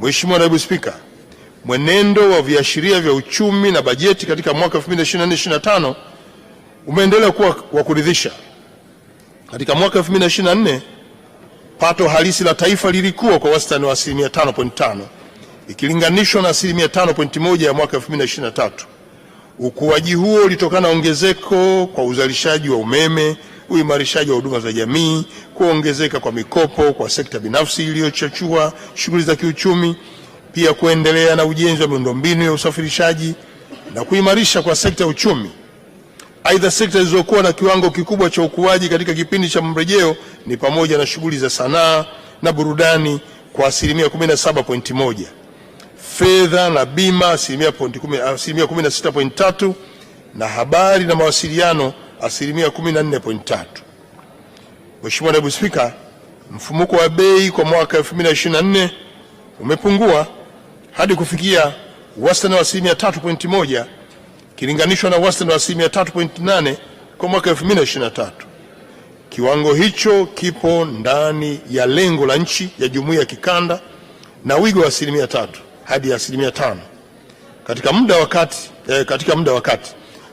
Mheshimiwa Naibu Spika, mwenendo wa viashiria vya uchumi na bajeti katika mwaka 2024/2025 umeendelea kuwa wa kuridhisha. Katika mwaka 2024 pato halisi la taifa lilikuwa kwa wastani wa asilimia 5.5 ikilinganishwa na asilimia 5.1 ya mwaka 2023. Ukuaji huo ulitokana na ongezeko kwa uzalishaji wa umeme uimarishaji wa huduma za jamii, kuongezeka kwa mikopo kwa sekta binafsi iliyochachua shughuli za kiuchumi, pia kuendelea na ujenzi wa miundombinu ya usafirishaji na kuimarisha kwa sekta ya uchumi. Aidha, sekta zilizokuwa na kiwango kikubwa cha ukuaji katika kipindi cha mrejeo ni pamoja na shughuli za sanaa na burudani kwa asilimia 17.1, fedha na bima asilimia 16.3, na habari na mawasiliano asilimia 14.3. Mheshimiwa Naibu Spika, mfumuko wa bei kwa mwaka 2024 umepungua hadi kufikia wastani wa asilimia 3.1 kilinganishwa na wastani wa asilimia 3.8 kwa mwaka 2023. Kiwango hicho kipo ndani ya lengo la nchi ya jumuiya ya kikanda na wigo wa asilimia tatu hadi asilimia tano katika muda wa kati eh, katika muda wa kati.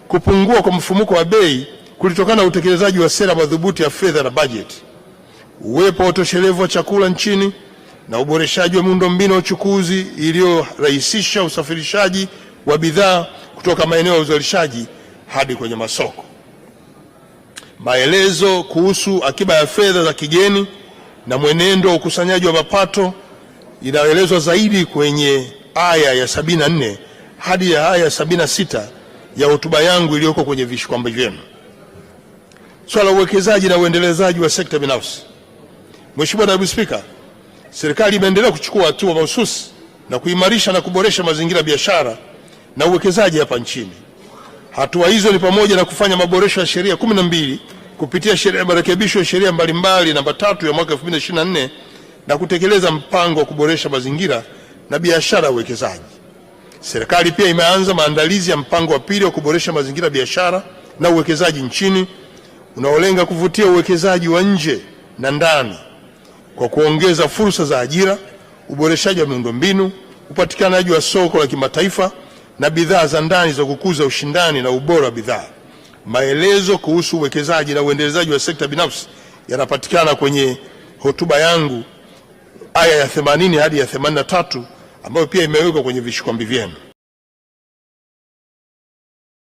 Kupungua kwa mfumuko wa bei kulitokana na utekelezaji wa sera madhubuti ya fedha na bajeti, uwepo wa utoshelevu wa chakula nchini na uboreshaji wa miundombinu ya uchukuzi iliyorahisisha usafirishaji wa bidhaa kutoka maeneo ya uzalishaji hadi kwenye masoko. Maelezo kuhusu akiba ya fedha za kigeni na mwenendo wa ukusanyaji wa mapato inaelezwa zaidi kwenye aya ya 74 hadi ya aya ya 76 ya hotuba yangu iliyoko kwenye vishikwambi vyenu swala uwekezaji na uendelezaji wa sekta binafsi. Mheshimiwa Naibu Spika, serikali imeendelea kuchukua hatua mahususi na kuimarisha na kuboresha mazingira ya biashara na uwekezaji hapa nchini. Hatua hizo ni pamoja na kufanya maboresho ya sheria kumi na mbili kupitia sheria marekebisho ya sheria mbalimbali namba tatu ya mwaka 2024 na kutekeleza mpango wa kuboresha mazingira na biashara ya uwekezaji. Serikali pia imeanza maandalizi ya mpango wa pili wa kuboresha mazingira ya biashara na uwekezaji nchini unaolenga kuvutia uwekezaji wa nje na ndani kwa kuongeza fursa za ajira, uboreshaji wa miundombinu, upatikanaji wa soko la kimataifa na bidhaa za ndani za kukuza ushindani na ubora wa bidhaa. Maelezo kuhusu uwekezaji na uendelezaji wa sekta binafsi yanapatikana kwenye hotuba yangu aya ya 80 hadi ya 83 ambayo pia imewekwa kwenye vishikwambi vyenu.